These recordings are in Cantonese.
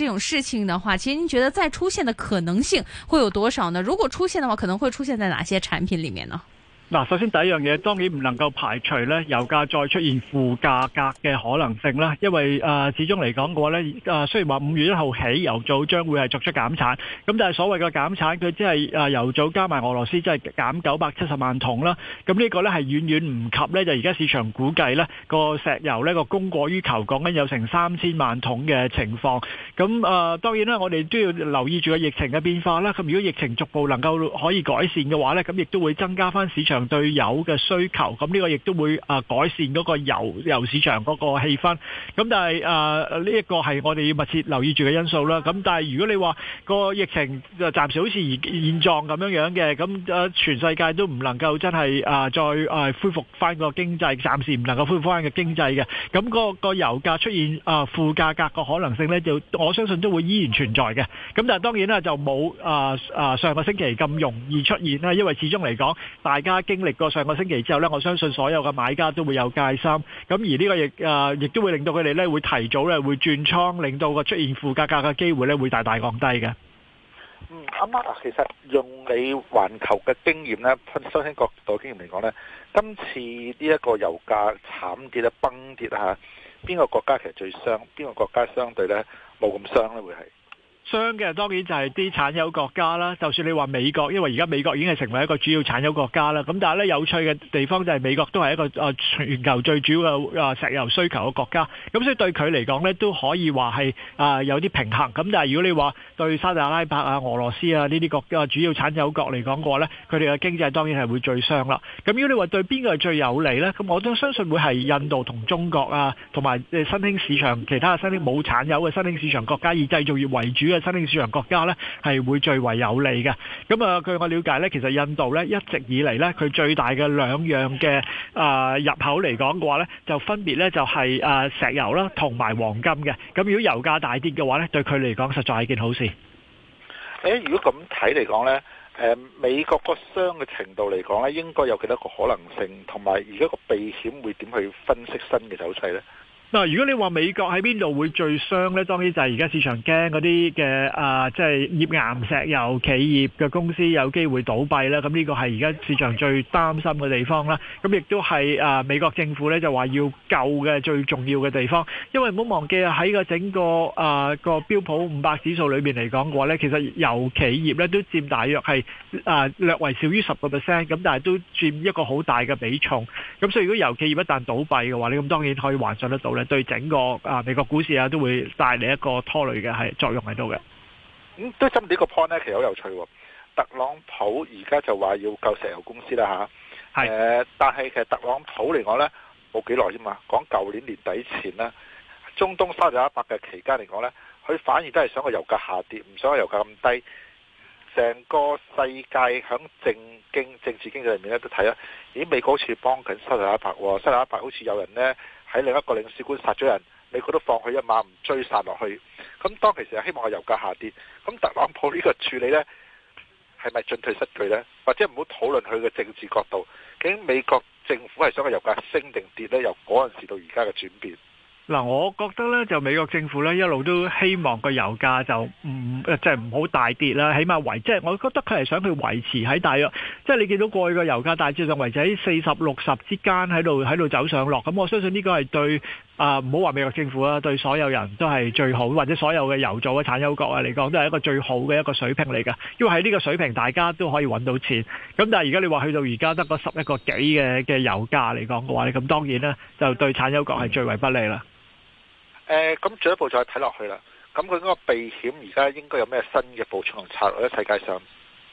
這種事情的話，其實您覺得再出現的可能性會有多少呢？如果出現的話，可能會出現在哪些產品裏面呢？嗱，首先第一樣嘢，當然唔能夠排除咧油價再出現負價格嘅可能性啦，因為誒始終嚟講過咧，誒雖然話五月一號起油組將會係作出減產，咁但係所謂嘅減產，佢只係誒油組加埋俄羅斯減，即係減九百七十萬桶啦，咁呢個咧係遠遠唔及咧就而家市場估計咧個石油咧個供過於求，講緊有成三千萬桶嘅情況，咁誒當然啦，我哋都要留意住個疫情嘅變化啦。咁如果疫情逐步能夠可以改善嘅話咧，咁亦都會增加翻市場。對油嘅需求，咁呢個亦都會啊改善嗰個油油市場嗰個氣氛。咁但係誒呢一個係我哋要密切留意住嘅因素啦。咁但係如果你話個疫情就暫時好似而現狀咁樣樣嘅，咁誒全世界都唔能夠真係啊再誒恢復翻個經濟，暫時唔能夠恢復翻嘅經濟嘅。咁個個油價出現啊負價格個可能性呢，就我相信都會依然存在嘅。咁但係當然啦就冇誒誒上個星期咁容易出現啦，因為始終嚟講大家，經歷過上個星期之後呢，我相信所有嘅買家都會有戒心，咁而呢個亦亦、啊、都會令到佢哋咧會提早咧會轉倉，令到個出現負價格嘅機會咧會大大降低嘅。嗯，啱啱。其實用你環球嘅經驗呢，新興國度經驗嚟講呢，今次呢一個油價慘跌啊崩跌啊吓，邊個國家其實最傷？邊個國家相對呢冇咁傷呢？會係？傷嘅當然就係啲產油國家啦。就算你話美國，因為而家美國已經係成為一個主要產油國家啦。咁但係咧有趣嘅地方就係美國都係一個啊全球最主要嘅石油需求嘅國家。咁所以對佢嚟講呢，都可以話係啊有啲平衡。咁但係如果你話對沙特阿拉伯啊、俄羅斯啊呢啲國家主要產油國嚟講嘅話呢，佢哋嘅經濟當然係會最傷啦。咁如果你話對邊個係最有利呢？咁我都相信會係印度同中國啊，同埋新興市場其他新興冇產油嘅新興市場國家以製造業為主嘅。新興市場國家咧係會最為有利嘅。咁啊，據我瞭解咧，其實印度咧一直以嚟咧，佢最大嘅兩樣嘅啊入口嚟講嘅話咧，就分別咧就係啊石油啦，同埋黃金嘅。咁如果油價大跌嘅話咧，對佢嚟講實在係件好事。誒，如果咁睇嚟講咧，誒美國個傷嘅程度嚟講咧，應該有幾多個可能性？同埋而家個避險會點去分析新嘅走勢咧？嗱，如果你話美國喺邊度會最傷呢？當然就係而家市場驚嗰啲嘅啊，即係頁岩石油企業嘅公司有機會倒閉啦。咁呢個係而家市場最擔心嘅地方啦。咁亦都係啊，美國政府咧就話要救嘅最重要嘅地方，因為唔好忘記喺個整個啊個標普五百指數裏面嚟講嘅話呢，其實油企業咧都佔大約係啊略為少於十個 percent，咁但係都佔一個好大嘅比重。咁所以如果油企業一旦倒閉嘅話，你咁當然可以還上得到啦。對整個啊美國股市啊都會帶嚟一個拖累嘅係作用喺度嘅。咁都針呢個 point 咧，其實好有趣、哦。特朗普而家就話要救石油公司啦吓。係、啊是呃。但係其實特朗普嚟講呢，冇幾耐啫嘛。講舊年年底前啦，中東沙特阿拉伯嘅期間嚟講呢，佢反而都係想個油價下跌，唔想個油價咁低。成個世界響政經政治經濟入面咧都睇啦。咦、哎，美國好似幫緊沙特阿拉伯，沙特阿拉伯好似有人呢。喺另一個領事館殺咗人，美國都放佢一馬唔追殺落去，咁當其時係希望個油價下跌，咁特朗普呢個處理呢，係咪進退失據呢？或者唔好討論佢嘅政治角度，究竟美國政府係想個油價升定跌呢？由嗰陣時到而家嘅轉變。嗱，我覺得咧就美國政府咧一路都希望個油價就唔即係唔好大跌啦，起碼維即係我覺得佢係想佢維持喺大約，即係你見到過去個油價大致上維持喺四十六十之間喺度喺度走上落。咁我相信呢個係對啊，唔好話美國政府啦，對所有人都係最好，或者所有嘅油組嘅產油國啊，嚟講都係一個最好嘅一個水平嚟㗎。因為喺呢個水平，大家都可以揾到錢。咁但係而家你話去到而家得嗰十一個幾嘅嘅油價嚟講嘅話，咁當然呢就對產油國係最為不利啦。誒咁進一步再睇落去啦，咁佢嗰個避險而家應該有咩新嘅步驟同策略咧？世界上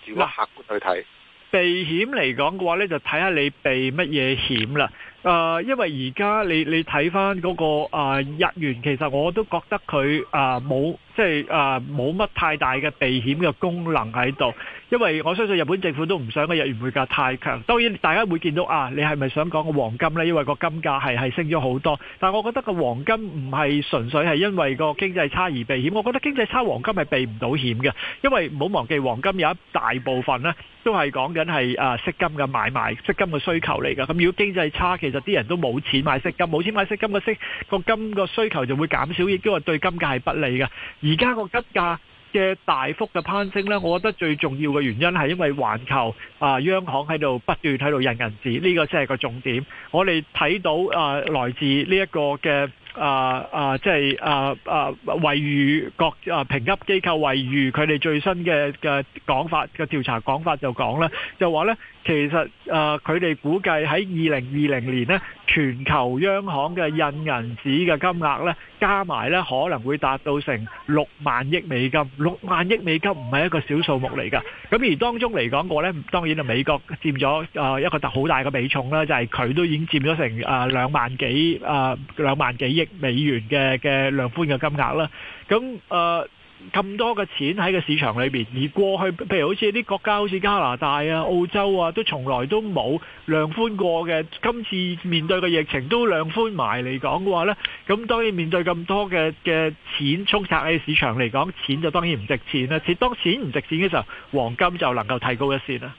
如果客觀去睇避險嚟講嘅話呢，就睇下你避乜嘢險啦。誒、呃，因為而家你你睇翻嗰個、呃、日元，其實我都覺得佢啊冇。呃即係誒冇乜太大嘅避險嘅功能喺度，因為我相信日本政府都唔想個日元匯價太強。當然大家會見到啊，你係咪想講個黃金呢？因為個金價係係升咗好多。但係我覺得個黃金唔係純粹係因為個經濟差而避險，我覺得經濟差黃金係避唔到險嘅，因為唔好忘記黃金有一大部分呢都係講緊係誒飾金嘅買賣、飾金嘅需求嚟㗎。咁如果經濟差，其實啲人都冇錢買飾金，冇錢買飾金飾嘅金需求就會減少，亦都話對金價係不利㗎。而家個金價嘅大幅嘅攀升咧，我覺得最重要嘅原因係因為環球啊央行喺度不斷喺度印銀紙，呢個先係個重點。我哋睇到啊來自呢一個嘅啊啊，即係啊啊，惠譽各啊評級機構惠譽佢哋最新嘅嘅講法嘅調查講法就講啦，就話咧其實啊佢哋估計喺二零二零年咧。全球央行嘅印銀紙嘅金額咧，加埋咧可能會達到成六萬億美金。六萬億美金唔係一個小數目嚟㗎。咁而當中嚟講，過咧當然美國佔咗一個好大嘅比重啦，就係佢都已經佔咗成兩萬幾、啊兩萬幾億美元嘅嘅量寬嘅金額啦。咁啊。呃咁多嘅錢喺個市場裏邊，而過去譬如好似啲國家好似加拿大啊、澳洲啊，都從來都冇量寬過嘅。今次面對嘅疫情都量寬埋嚟講嘅話呢，咁當然面對咁多嘅嘅錢沖刷喺市場嚟講，錢就當然唔值錢啦。只當錢唔值錢嘅時候，黃金就能夠提高一先啦。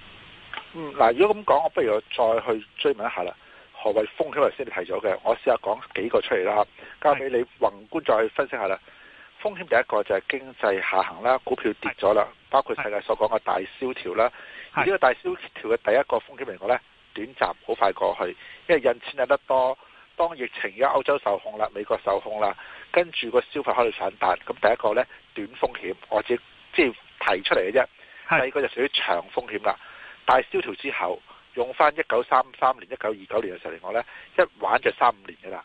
嗱，嗯，如果咁講，我不如再去追問一下啦。何為風險？我先你提咗嘅，我試下講幾個出嚟啦，交俾你宏觀再去分析下啦。風險第一個就係經濟下行啦，股票跌咗啦，是包括世界所講嘅大蕭條啦。呢是個大蕭條嘅第一個風險嚟講呢，短暫好快過去，因為印錢印得多，當疫情而家歐洲受控啦，美國受控啦，跟住個消費開始散彈，咁第一個呢，短風險，我只即係提出嚟嘅啫。是第二個就屬於長風險啦。大蕭條之後用返一九三三年、一九二九年嘅時候嚟講呢，一玩就三五年噶啦。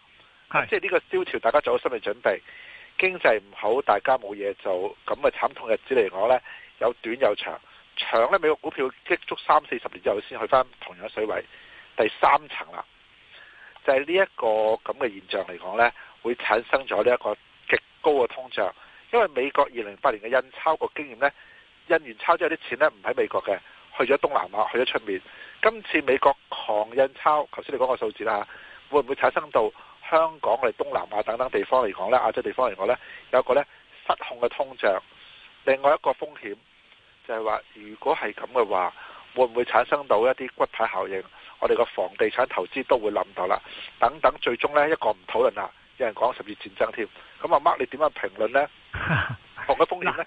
即係呢個蕭條，大家做好心理準備。經濟唔好，大家冇嘢做，咁嘅慘痛日子嚟講呢，有短有長，長呢，美國股票積足三四十年之後先去翻同樣水位，第三層啦，就係呢一個咁嘅現象嚟講呢，會產生咗呢一個極高嘅通脹，因為美國二零零八年嘅印鈔個經驗呢，印完鈔之後啲錢呢唔喺美國嘅，去咗東南亞，去咗出面，今次美國狂印鈔，頭先你講個數字啦，會唔會產生到？香港我哋東南亞等等地方嚟講咧，亞洲地方嚟講咧，有一個咧失控嘅通脹。另外一個風險就係話，如果係咁嘅話，會唔會產生到一啲骨牌效應？我哋個房地產投資都會冧到啦。等等，最終呢一個唔討論啦，有人講十月戰爭添。咁阿 Mark 你點樣評論呢？同個 風險咧？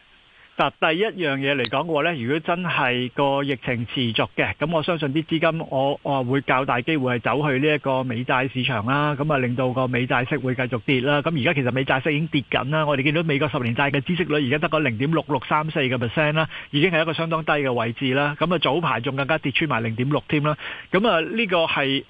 第一樣嘢嚟講嘅話呢，如果真係個疫情持續嘅，咁我相信啲資金我我會較大機會係走去呢一個美債市場啦，咁啊令到個美債息會繼續跌啦。咁而家其實美債息已經跌緊啦，我哋見到美國十年債嘅孳息率而家得個零點六六三四嘅 percent 啦，已經係一個相當低嘅位置啦。咁啊早排仲更加跌穿埋零點六添啦。咁啊呢個係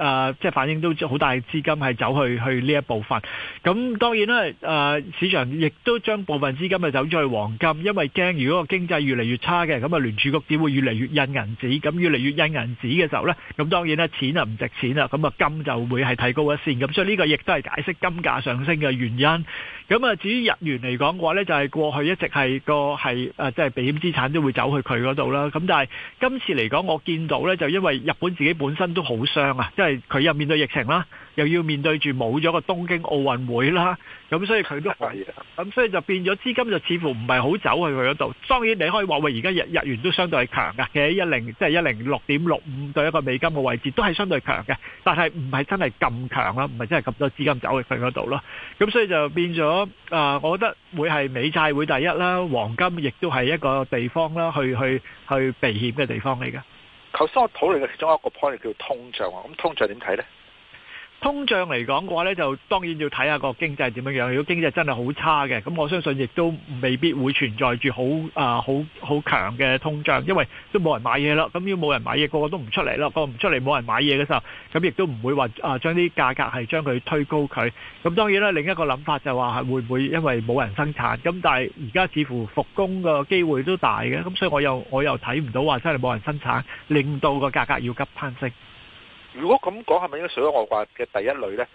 即係反映都好大資金係走去去呢一部分。咁當然啦、呃，市場亦都將部分資金啊走咗去黃金，因為驚。如果個經濟越嚟越差嘅，咁啊聯儲局只會越嚟越印銀紙，咁越嚟越印銀紙嘅時候呢，咁當然啦，錢啊唔值錢啦，咁啊金就會係提高一線。咁所以呢個亦都係解釋金價上升嘅原因。咁啊，至於日元嚟講嘅話呢就係、是、過去一直係個係誒，即係、啊就是、避險資產都會走去佢嗰度啦。咁但係今次嚟講，我見到呢就因為日本自己本身都好傷啊，即係佢又面對疫情啦，又要面對住冇咗個東京奧運會啦，咁所以佢都係咁， 咁所以就變咗資金就似乎唔係好走去佢嗰度。當然你可以話喂，而家日日元都相對強㗎嘅，其實一零即係一零六點六五對一個美金嘅位置，都係相對強嘅，但係唔係真係咁強啦，唔係真係咁多資金走去佢嗰度咯。咁所以就變咗。我啊，我覺得會係美債會第一啦，黃金亦都係一個地方啦，去去去避險嘅地方嚟噶。頭先我討論嘅其中一個 point 叫通脹啊，咁通脹點睇呢？通脹嚟講嘅話呢，就當然要睇下個經濟點樣樣。如果經濟真係好差嘅，咁我相信亦都未必會存在住好啊好好強嘅通脹，因為都冇人買嘢咯。咁要冇人買嘢，個個都唔出嚟咯。個唔出嚟，冇人買嘢嘅時候，咁亦都唔會話啊將啲價格係將佢推高佢。咁當然啦，另一個諗法就話係會唔會因為冇人生產？咁但係而家似乎復工嘅機會都大嘅。咁所以我又我又睇唔到話真係冇人生產，令到個價格要急攀升。如果咁講，係咪應該屬於我話嘅第一類呢？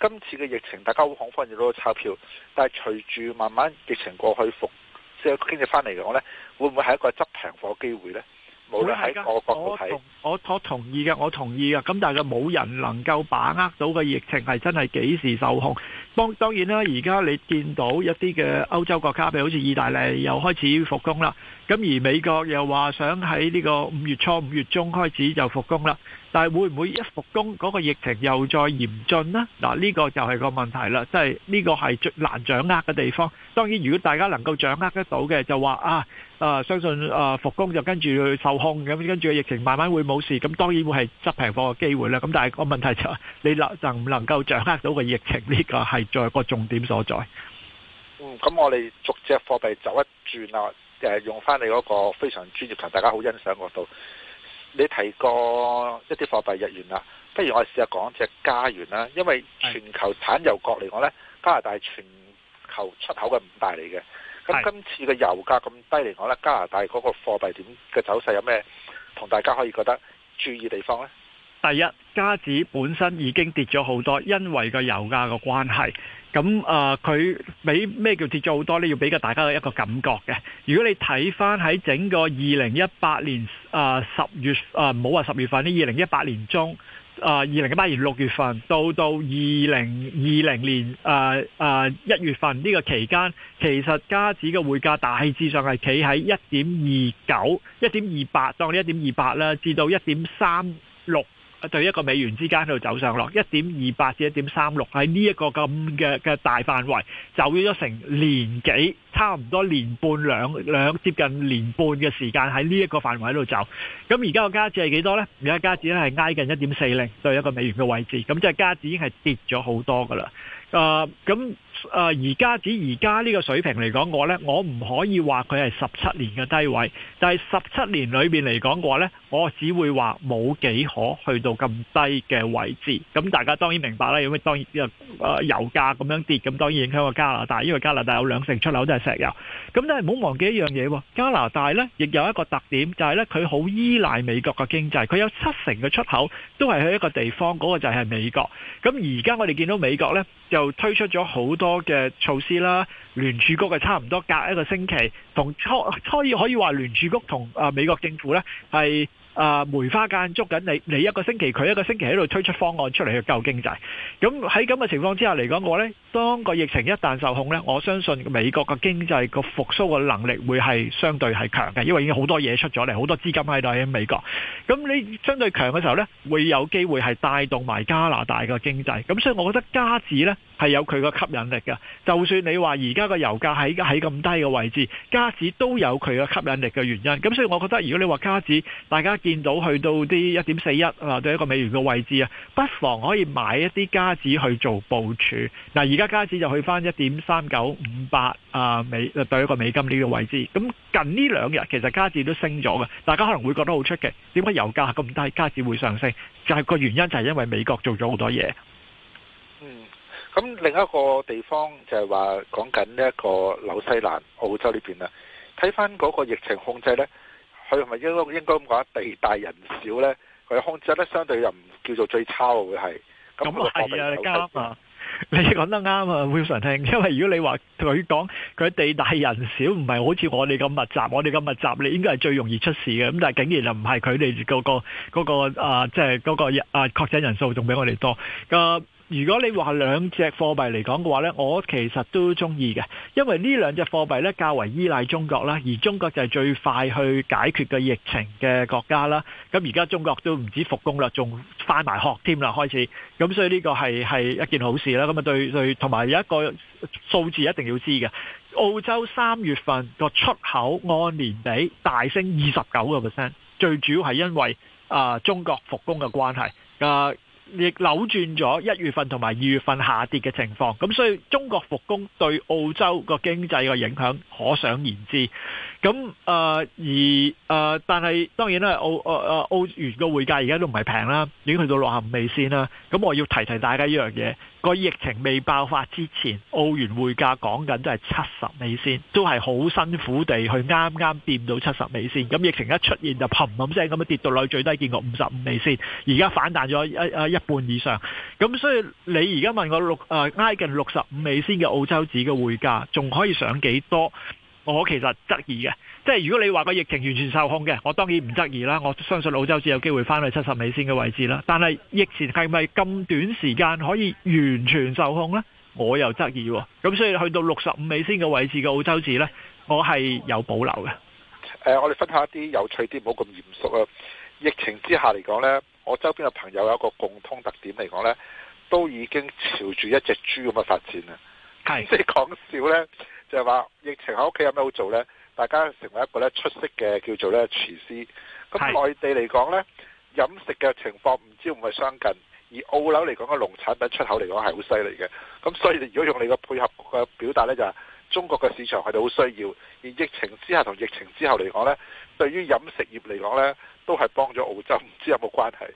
今次嘅疫情，大家好恐慌，入到個鈔票，但係隨住慢慢疫情過去，復即係經濟返嚟講呢，會唔會係一個執平貨機會呢？冇啦，係嘅。我同我妥同意嘅，我同意嘅。咁但係佢冇人能夠把握到個疫情係真係幾時受控。當當然啦，而家你見到一啲嘅歐洲國家，譬如好似意大利又開始復工啦。咁而美國又話想喺呢個五月初、五月中開始就復工啦。但係會唔會一復工嗰個疫情又再嚴峻呢？嗱，呢個就係個問題啦。即係呢個係最難掌握嘅地方。當然，如果大家能夠掌握得到嘅，就話啊。啊、呃，相信啊、呃，復工就跟住受控，咁跟住疫情慢慢會冇事，咁當然會係執平貨嘅機會啦。咁但係個問題就係你能就不能唔能夠掌握到個疫情呢、這個係最、這個重點所在。咁、嗯、我哋逐隻貨幣走一轉啦、呃，用翻你嗰個非常專業同大家好欣賞嗰度，你提過一啲貨幣日元啦，不如我哋試下講一隻加元啦，因為全球產油國嚟講呢加拿大係全球出口嘅五大嚟嘅。咁今次嘅油價咁低嚟講咧，加拿大嗰個貨幣點嘅走勢有咩同大家可以覺得注意地方咧？第一，加紙本身已經跌咗好多，因為個油價嘅關係。咁啊，佢、呃、比咩叫跌咗好多呢？要俾個大家一個感覺嘅。如果你睇翻喺整個二零一八年啊十、呃、月啊，唔好話十月份咧，二零一八年中。啊！二零一八年六月份到到二零二零年啊啊一月份呢個期間，其實加指嘅匯價大致上係企喺一點二九、一點二八，當呢一點二八啦，至到一點三六。對一個美元之間喺度走上落，一點二八至一點三六喺呢一個咁嘅嘅大範圍走咗成年幾，差唔多年半兩兩接近年半嘅時間，喺呢一個範圍喺度走。咁而家個家指係幾多呢？而家家指呢係挨近一點四零對一個美元嘅位置，咁即係家指已經係跌咗好多㗎喇。啊、呃，咁。誒而家指而家呢個水平嚟講，我呢，我唔可以話佢係十七年嘅低位，但係十七年裏面嚟講，我呢，我只會話冇幾可去到咁低嘅位置。咁大家當然明白啦，因為當然油價咁樣跌，咁當然影響個加拿大，因為加拿大有兩成出口都係石油。咁但係唔好忘記一樣嘢喎，加拿大呢，亦有一個特點，就係呢，佢好依賴美國嘅經濟，佢有七成嘅出口都係去一個地方，嗰個就係美國。咁而家我哋見到美國呢，就推出咗好多。多嘅措施啦，聯儲局係差唔多隔一個星期，同初初二可以話聯儲局同啊美國政府呢，係啊梅花間捉緊你，你一個星期，佢一個星期喺度推出方案出嚟去救經濟。咁喺咁嘅情況之下嚟講，我呢咧，當個疫情一旦受控呢，我相信美國嘅經濟個復甦嘅能力會係相對係強嘅，因為已經好多嘢出咗嚟，好多資金喺度喺美國。咁你相對強嘅時候呢，會有機會係帶動埋加拿大嘅經濟。咁所以，我覺得加字呢。係有佢個吸引力嘅，就算你話而家個油價喺咁低嘅位置，加紙都有佢嘅吸引力嘅原因。咁所以我覺得，如果你話加紙，大家見到去到啲一點四一啊，對一個美元嘅位置啊，不妨可以買一啲加紙去做部署。嗱，而家加紙就去翻一點三九五八啊美對一個美金呢個位置。咁近呢兩日其實加紙都升咗嘅，大家可能會覺得好出奇，點解油價咁低，加紙會上升？就係、係、個原因就係因為美國做咗好多嘢。咁另一個地方就係話講緊呢一個紐西蘭澳洲呢邊啦，睇翻嗰個疫情控制咧，佢係咪應該應該咁講地大人少咧？佢控制得相對又唔叫做最差喎。會係咁係啊，你啱啊，你講得啱啊，Wilson 兄，因為如果你話佢講佢地大人少，唔係好似我哋咁密集，我哋咁密集，你應該係最容易出事嘅，咁但係竟然就唔係佢哋嗰個嗰、嗰個、嗰個、啊，即係嗰個啊確診人數仲比我哋多。啊如果你話兩隻貨幣嚟講嘅話呢，我其實都中意嘅，因為呢兩隻貨幣呢較為依賴中國啦，而中國就係最快去解決嘅疫情嘅國家啦。咁而家中國都唔止復工啦，仲返埋學添啦，開始。咁所以呢個係係一件好事啦。咁啊對對，同埋有一個數字一定要知嘅，澳洲三月份個出口按年比大升二十九個 percent，最主要係因為啊中國復工嘅關係啊。亦扭轉咗一月份同埋二月份下跌嘅情況，咁所以中國復工對澳洲個經濟個影響可想而知。咁誒、呃、而誒、呃，但係當然啦，澳誒誒、呃、澳元個匯價而家都唔係平啦，已經去到六十五美仙啦。咁我要提提大家一樣嘢。個疫情未爆發之前，澳元匯價講緊都係七十美仙，都係好辛苦地去啱啱掂到七十美仙。咁疫情一出現就砰咁聲咁樣跌到去最低見過五十五美仙，而家反彈咗一一半以上。咁所以你而家問我六啊，挨近六十五美仙嘅澳洲紙嘅匯價，仲可以上幾多？我其實質疑嘅。即係如果你話個疫情完全受控嘅，我當然唔質疑啦。我相信澳洲紙有機會返去七十美仙嘅位置啦。但係疫情係咪咁短時間可以完全受控呢？我又質疑喎。咁所以去到六十五美仙嘅位置嘅澳洲紙呢，我係有保留嘅。呃，我哋分享一啲有趣啲，冇咁嚴肅啊！疫情之下嚟講呢，我周邊嘅朋友有一個共通特點嚟講呢，都已經朝住一隻豬咁嘅發展啦。係。即係講笑呢，就係話疫情喺屋企有咩好做呢？大家成為一個咧出色嘅叫做咧廚師。咁內地嚟講咧，飲食嘅情況唔知會唔會相近。而澳洲嚟講嘅農產品出口嚟講係好犀利嘅。咁所以如果用你個配合嘅表達咧，就係、是、中國嘅市場佢哋好需要。而疫情之下同疫情之後嚟講咧，對於飲食業嚟講咧，都係幫咗澳洲。唔知有冇關係？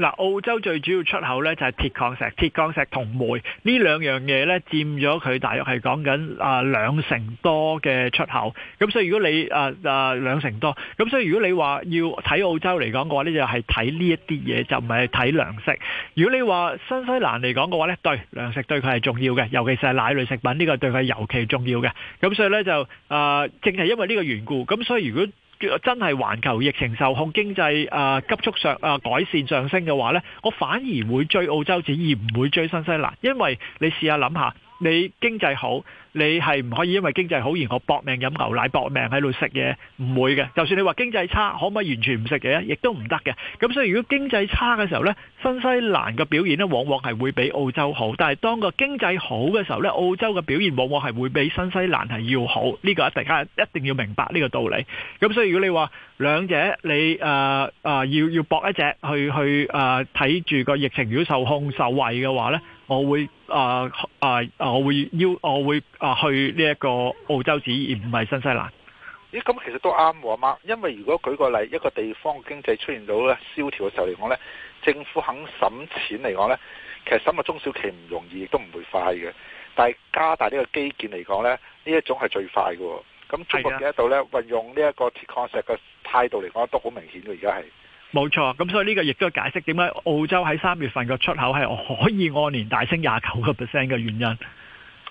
嗱，澳洲最主要出口咧就係鐵礦石、鐵礦石同煤呢兩樣嘢咧，佔咗佢大約係講緊啊兩成多嘅出口。咁所以如果你呃、呃、兩成多，咁所以如果你話要睇澳洲嚟講嘅話呢就係睇呢一啲嘢，就唔係睇糧食。如果你話新西蘭嚟講嘅話咧，對糧食對佢係重要嘅，尤其是係奶類食品呢、呢個對佢尤其重要嘅。咁所以咧就啊、呃，正係因為呢個緣故，咁所以如果真係環球疫情受控、經濟啊急速上啊改善上升嘅話咧，我反而會追澳洲紙，而唔會追新西蘭，因為你試下諗下，你經濟好。你係唔可以因為經濟好然後搏命飲牛奶、搏命喺度食嘢，唔會嘅。就算你話經濟差，可唔可以完全唔食嘢？亦都唔得嘅。咁所以如果經濟差嘅時候呢，新西蘭嘅表現呢往往係會比澳洲好。但係當個經濟好嘅時候呢，澳洲嘅表現往往係會比新西蘭係要好。呢、這個大家一定要明白呢個道理。咁所以如果你話兩者你誒誒、呃呃、要要搏一隻去去誒睇住個疫情如果受控受惠嘅話呢。我會啊啊啊！我會邀、呃、我會啊、呃、去呢一個澳洲紙，而唔係新西蘭。咦？咁其實都啱喎，阿媽。因為如果舉個例，一個地方嘅經濟出現到咧蕭條嘅時候嚟講咧，政府肯省錢嚟講咧，其實省個中小企唔容易，亦都唔會快嘅。但係加大呢個基建嚟講咧，呢一種係最快嘅。咁中國幾多的度咧？運用呢一個鐵礦石嘅態度嚟講都好明顯嘅，而家係。冇錯，咁所以呢個亦都解釋點解澳洲喺三月份個出口係可以按年大升廿九個 percent 嘅原因。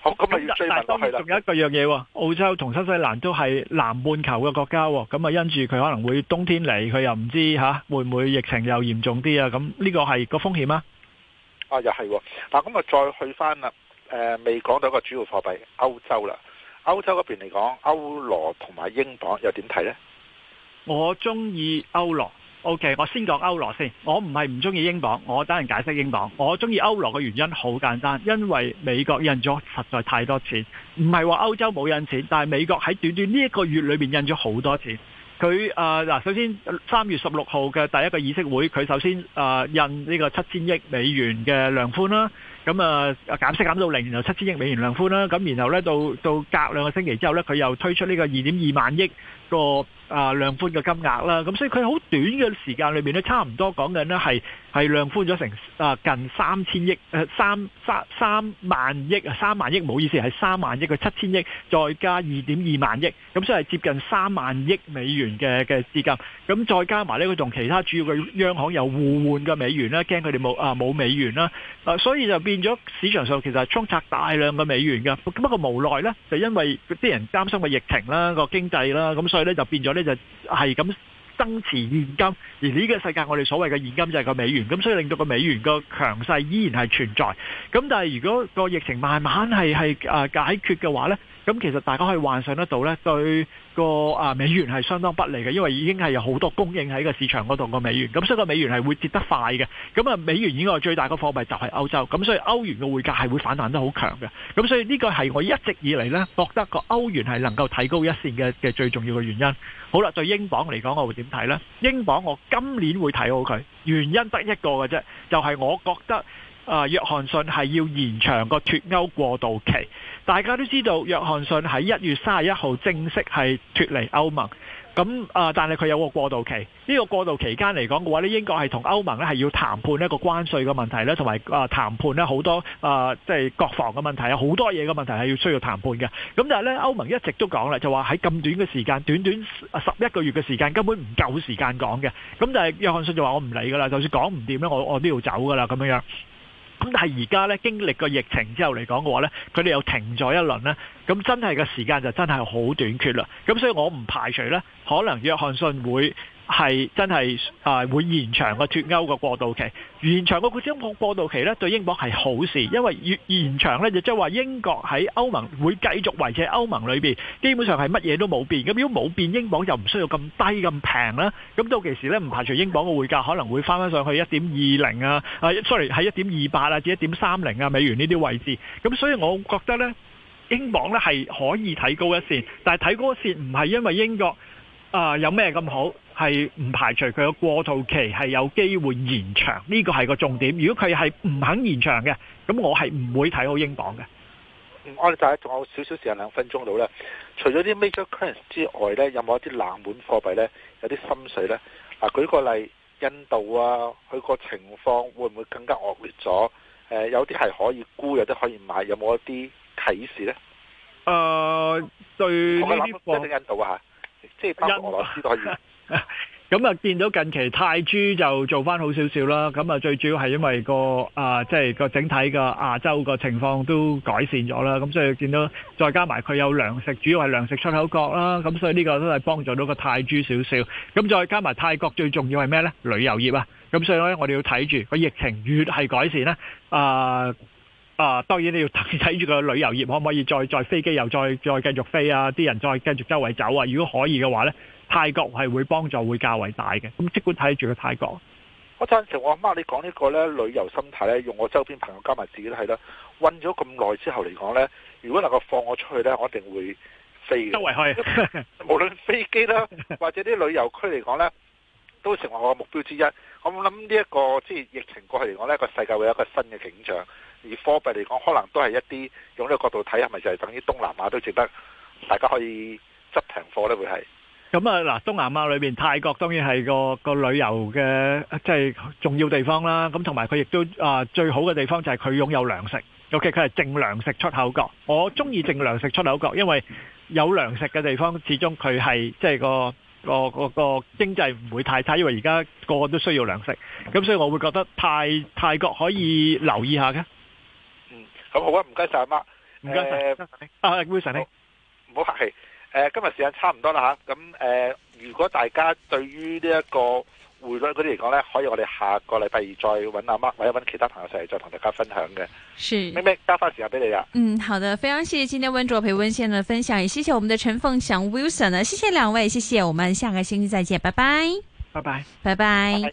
好，咁啊，但係當然仲有一個樣嘢，澳洲同新西蘭都係南半球嘅國家，咁啊因住佢可能會冬天嚟，佢又唔知吓會唔會疫情又嚴重啲啊？咁呢個係個風險啊？啊，又係，嗱，咁啊，再去翻啦，誒，未講到個主要貨幣歐洲啦，歐洲嗰邊嚟講，歐羅同埋英鎊又點睇呢？我中意歐羅。O.K. 我先講歐羅先，我唔係唔中意英鎊，我等陣解釋英鎊。我中意歐羅嘅原因好簡單，因為美國印咗實在太多錢，唔係話歐洲冇印錢，但係美國喺短短呢一個月裏面印咗好多錢。佢啊嗱，首先三月十六號嘅第一個議息會，佢首先啊、呃、印呢個七千億美元嘅量寬啦，咁啊、呃、減息減到零，然後七千億美元量寬啦，咁然後咧到到隔兩個星期之後咧，佢又推出呢個二點二萬億個，啊，量寬嘅金額啦，咁所以佢好短嘅時間裏面咧，差唔多講緊呢係係量寬咗成啊近三千億誒、啊、三三三萬億，啊三萬億，唔好意思，係三萬億，佢七千億再加二點二萬億，咁所以係接近三萬億美元嘅嘅資金，咁再加埋呢，佢同其他主要嘅央行有互換嘅美元啦。驚佢哋冇啊冇美元啦，所以就變咗市場上其實充斥大量嘅美元咁，不過無奈呢，就因為啲人擔心個疫情啦、個經濟啦，咁所以呢，就變咗就係咁增持現金，而呢個世界我哋所謂嘅現金就係個美元，咁所以令到個美元個強勢依然係存在。咁但係如果個疫情慢慢係係啊解決嘅話咧？咁其實大家可以幻想得到呢，對個啊美元係相當不利嘅，因為已經係有好多供應喺個市場嗰度個美元，咁所以個美元係會跌得快嘅。咁啊，美元以外最大個貨幣就係歐洲，咁所以歐元嘅匯價係會反彈得好強嘅。咁所以呢個係我一直以嚟呢覺得個歐元係能夠睇高一線嘅嘅最重要嘅原因。好啦，對英鎊嚟講，我會點睇呢？英鎊我今年會睇好佢，原因得一個嘅啫，就係、是、我覺得啊、呃，約翰遜係要延長個脫歐過渡期。大家都知道，約翰遜喺一月三十一號正式係脱離歐盟。咁啊、呃，但係佢有個過渡期。呢、呢個過渡期間嚟講嘅話，呢英國係同歐盟咧係要談判一個關稅嘅問題咧，同埋啊談判咧好多啊即係國防嘅問題，好、呃、多嘢嘅、呃、問題係要需要談判嘅。咁但係呢歐盟一直都講啦，就話喺咁短嘅時間，短短十一個月嘅時間根本唔夠時間講嘅。咁但係約翰遜就話我唔理㗎啦，就算講唔掂咧，我我都要走㗎啦，咁樣樣。咁但係而家咧經歷過疫情之後嚟講嘅話咧，佢哋又停咗一輪咧，咁真係個時間就真係好短缺啦。咁所以我唔排除咧，可能約翰遜會。係真係啊，會延長個脫歐個過渡期。延長個佢英國過渡期咧，對英鎊係好事，因為越延長咧，就即係話英國喺歐盟會繼續維持喺歐盟裏邊，基本上係乜嘢都冇變。咁如果冇變，英鎊又唔需要咁低咁平啦。咁到其時咧，唔排除英鎊嘅匯價可能會翻翻上去一點二零啊，啊，sorry，喺一點二八啊，至一點三零啊美元呢啲位置。咁所以我覺得咧，英鎊咧係可以睇高一線，但係睇高一線唔係因為英國啊有咩咁好。係唔排除佢嘅過渡期係有機會延長，呢個係個重點。如果佢係唔肯延長嘅，咁我係唔會睇好英鎊嘅。我哋就係仲有少少時間兩分鐘到咧。除咗啲 major currency 之外呢，有冇一啲冷門貨幣呢？有啲心水呢？啊，舉個例，印度啊，佢個情況會唔會更加惡劣咗？誒、啊，有啲係可以沽，有啲可以買，有冇一啲啟示咧、呃？對呢啲貨，印度啊，即係包括俄羅斯都可以。 咁啊，見到近期泰銖就做翻好少少啦。咁啊，最主要係因為個啊，即係個整體個亞洲個情況都改善咗啦。咁所以見到再加埋佢有糧食，主要係糧食出口國啦。咁所以呢個都係幫助到個泰銖少少。咁再加埋泰國最重要係咩呢？旅遊業啊。咁所以咧，我哋要睇住個疫情越係改善咧。啊啊，當然你要睇住個旅遊業可唔可以再再飛機又再再繼續飛啊？啲人再繼續周圍走啊。如果可以嘅話呢。泰國係會幫助會較為大嘅。咁即管睇住個泰國。時我贊成我阿媽你講這個呢個咧旅遊心態咧，用我周邊朋友加埋自己都係啦。困咗咁耐之後嚟講呢，如果能夠放我出去呢，我一定會飛嘅。周圍去， 無論飛機啦，或者啲旅遊區嚟講呢，都成為我嘅目標之一。我諗呢一個即係疫情過去嚟講呢，這個世界會有一個新嘅景象。而貨幣嚟講，可能都係一啲用呢個角度睇，係咪就係等於東南亞都值得大家可以執平貨呢？會係。咁啊，嗱，東南亞裏邊，泰國當然係個個旅遊嘅即係重要地方啦。咁同埋佢亦都啊，最好嘅地方就係佢擁有糧食，尤其佢係淨糧食出口國。我中意淨糧食出口國，因為有糧食嘅地方，始終佢係即係個個個個經濟唔會太差，因為而家個個都需要糧食。咁所以我會覺得泰泰國可以留意下嘅。嗯，咁好啊，唔該曬阿媽，唔該曬，阿 Mason，唔好客氣。誒、呃，今日時間差唔多啦吓，咁、啊、誒、呃，如果大家對於呢一個匯率嗰啲嚟講咧，可以我哋下個禮拜二再揾阿 Mark 或者揾其他朋友出嚟再同大家分享嘅。是，明明交翻時間俾你啦。嗯，好的，非常謝謝今天溫灼培溫先生嘅分享，也謝謝我們的陳鳳祥 Wilson，謝謝兩位，謝謝，我們下個星期再見，拜拜，拜拜，拜拜。